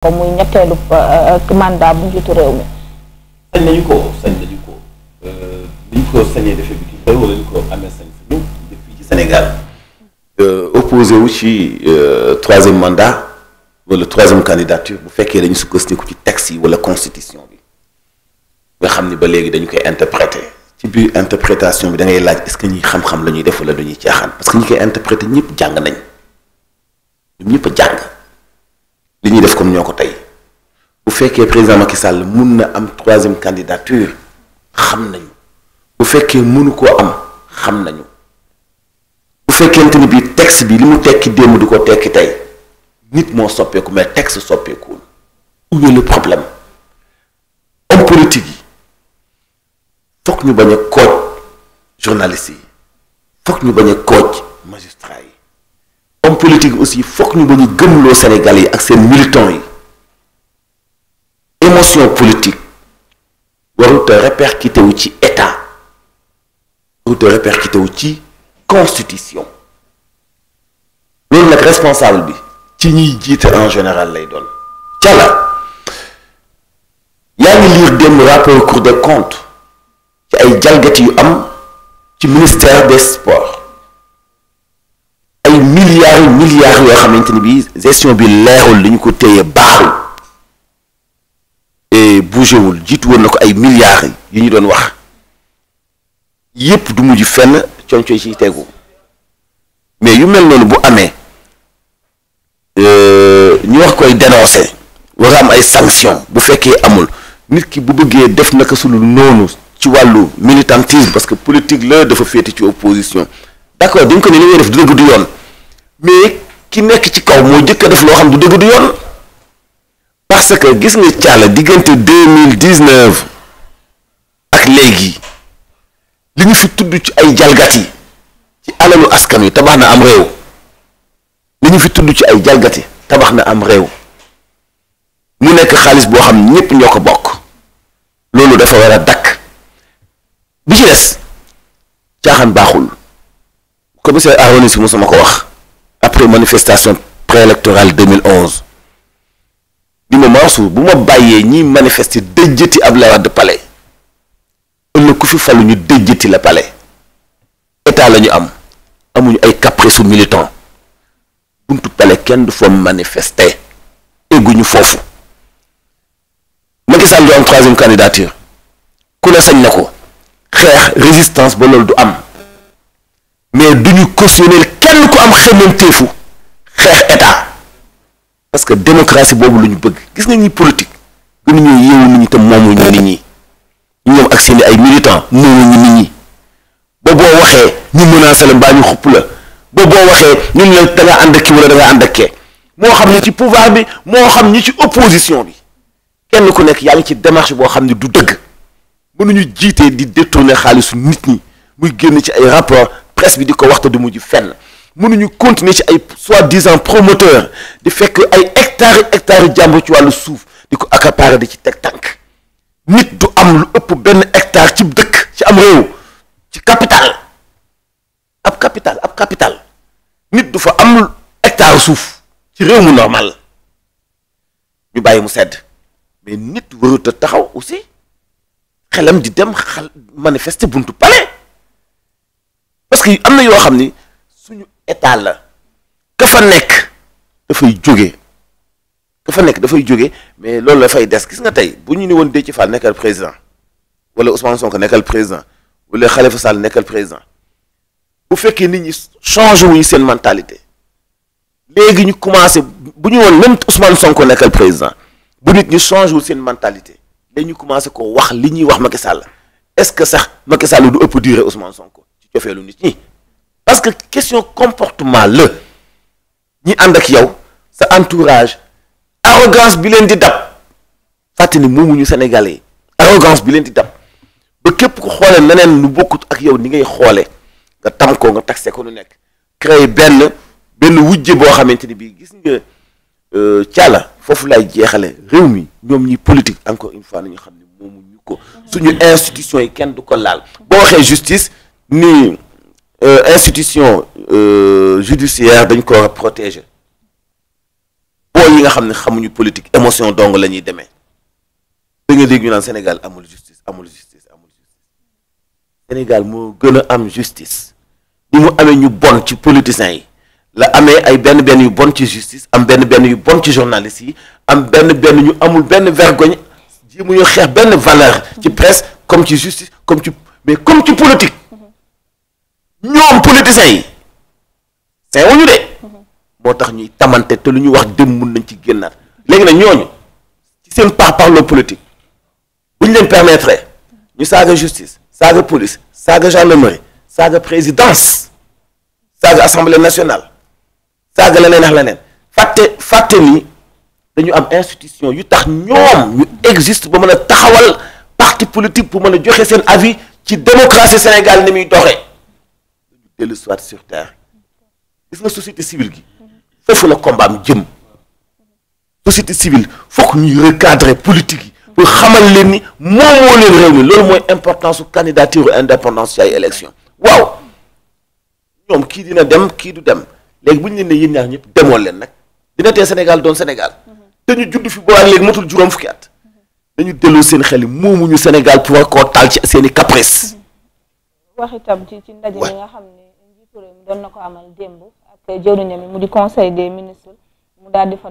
comme muy ñetteelu euh, mandat bu njiitu réew mi. sañ nañu ko sañ nañu ko ni euh, ñu ko sañee defee bi ko amee sañ depuis ci Sénégal. Euh, opposé wu ci troisième mandat wala troisième candidature bu fekkee dañu sukkandiku ci texte yi wala constitution bi nga xam ni ba léegi dañu koy interpréter ci biir interprétation bi da ngay laaj est-ce que ñuy xam-xam la ñuy def wala du ñuy parce que ñu koy interpréter ñëpp jàng nañ ñoom ñëpp a jàng. li ñuy def comme ñoo ko tey bu fekkee président Macky sàll mun na am troisième candidature xam nañu bu fekkee mënu koo am xam nañu bu fekkente ni bi texte bi li mu tekki démb du ko tekki tey nit moo soppeeku mais texte soppeekuwul où est problème homme politique yi fokk ñu bañ a kooj journaliste yi fokk ñu bañ a kooj magistrat yi politique aussi foog ñu bëgg gëmloo Sénégal yi ak seen militants yi émotion politique warut a wu ci état warut a wu ci constitution loolu nag responsable bi ci ñuy jiite en général lay doon cala yaa ngi lire démb rapport cour des comptes ci ay jalgati yu am ci ministère des sports ay milliards yu milliards yoo xamante ni bi gestion bi leerul li ñu ko téye baaxul et bougé wul jiitu woon na ko ay milliards yi ñu doon wax yépp du mujj fenn coñ-coñ ci tegu mais yu mel noonu bu amee euh, ñu wax koy dénoncer war am ay sanctions bu fekkee amul nit ki bu bëggee def naka sulu noonu ci wàllu militantisme parce que politique la dafa féete ci opposition d'accord dañ ko ne li ngay def du dëgg du yoon mais ki nekk ci kaw moo jëkk a def loo xam du dëgg du yoon parce que gis nga càll diggante deux mille dix neuf ak léegi li ñu fi tudd ci ay jalgati ci alalu askan wi tabax na am réew li ñu fi tudd ci ay jalgati tabax na am réew mu nekk xaalis boo xam ñépp ñoo ko bokk loolu dafa war a dakk bi ci caaxaan baaxul commissaire Aronis si mu sama ko wax après manifestation préélectorale 2011 di ma Mansour bu ma bàyyee ñiy manifester dëjjati Abdoulaye Wade palais ëllëg ku fi falu ñu dëjjati la pale état la ñu am amuñu ay caprice militant buntu pale kenn du fa manifester egguñu foofu Macky Sall du candidature ku ne sañ na ko xeex résistance ba loolu du am mais duñu cautionner kenn ko am xemeenteefu xeex état parce que démocratie boobu lu ñu bëgg gis nga ñuy politique gënuñoo yeewu nit ñi nit ñi ñoom ak seen ay militants moomu ñu nit ñi ba boo waxee ñu a la mbaa ñu xupp la ba boo waxee ñun la da ànd ki kii wala da nga ànd ak moo xam ñi ci pouvoir bi moo xam ñi ci opposition bi kenn ku nekk yaa ngi ci démarche boo xam ne du dëgg mënuñu jiitee di détourner xaalisu nit ñi muy génn ci ay rapport presse bi di ko waxta du mujj fenn mënuñu continuer ci ay soi-disant promoteur di fekk ay hectares hectares jàmbur ci wàllu suuf di ko accaparer di ci teg tànk nit du am lu ëpp benn hectare ci dëkk ci am réew ci capital ab capital ab capital nit du fa am hectare suuf ci réew mu normal ñu bàyyi mu sedd mais nit warut taxaw aussi xelam di dem xal manifester buntu palais parce que am na yoo xam ni. état la ka fa nekk dafay jóge ka fa nekk dafay jóge mais loolu dafay des gis nga tey bu ñu ni woon Déthié Fall nekkal président wala Ousmane Sonko nekkal président wala Khalifa nekkal président bu fekkee nit ñi changé wuñu seen mentalité léegi ñu commencé bu ñu woon même Ousmane Sonko nekkal président bu nit ñi changé wu seen mentalité ñu commencé ko wax li ñuy wax Macky Sall est-ce que sax Macky Sall du ëpp durée Ousmane Sonko ci cofeelu nit ñi. parce que question comportement la ñi ànd ak yow sa entourage arrogance bi leen di dab fàttali moomuñu sénégalais arrogance bi leen di dab ba képp ku xoolee leneen lu bokkut ak yow ni ngay xoolee nga tam ko nga taxe ko nu nekk créer benn benn wujje boo xamante ni bii gis nga càlla euh, foofu lay jeexale réew mi ñoom ñi politique encore une fois nañu xam ne ñu ko suñu institution yi kenn du ko laal boo waxee justice nii Euh, institution euh, judiciaire dañ ko war protéger boo yi nga xam ne xamuñu politique émotion dong la ñuy demee da dégg ñu naan Sénégal amul justice amul justice amul justice Sénégal moo gën a am justice ni mu amee ñu bon ci politiciens yi la amee ay benn benn yu bon ci justice am benn benn yu bon ci journalistes yi am benn benn ñu amul benn vergogne ñu xeex benn valeur ci presse comme ci justice comme ci mais comme ci politique ñoom politiciens yi sañ wuñu de moo tax ñuy tamante te lu ñu wax dem mun nañ ci génnaat léegi na ñooñu ci seen par parlo politique bu ñu leen permettre ñu saaga justice saaga police saaga gendarmerie saaga présidence saaga assemblée nationale saaga la leneen ak leneen fàtte fàtte ni dañu am institution yu tax ñoom ñu existe ba mën a taxawal parti politique pour mën a joxe seen avi ci démocratie Sénégal ni muy doxee dellu soit sur terre gis nga société civile gi foofu la kombaam jëm société civile foog ñuy recadrer politique yi pour xamal leen ni moom moo leen réew mi loolu mooy importance su candidature indépendance ci ay élection waaw ñoom kii dina dem kii du dem léegi bu ñu leen ne yéen ñaar ñëpp demoon leen nag dina tee Sénégal doon Sénégal te ñu judd fi boobaa léegi matul juróom fukki at dañu delloo seen xel yi moomuñu Sénégal pour koo taal ci seen i réew mi doon na ko amal démb ak jëwriñam yi mu di conseil des ministres mu daal di fa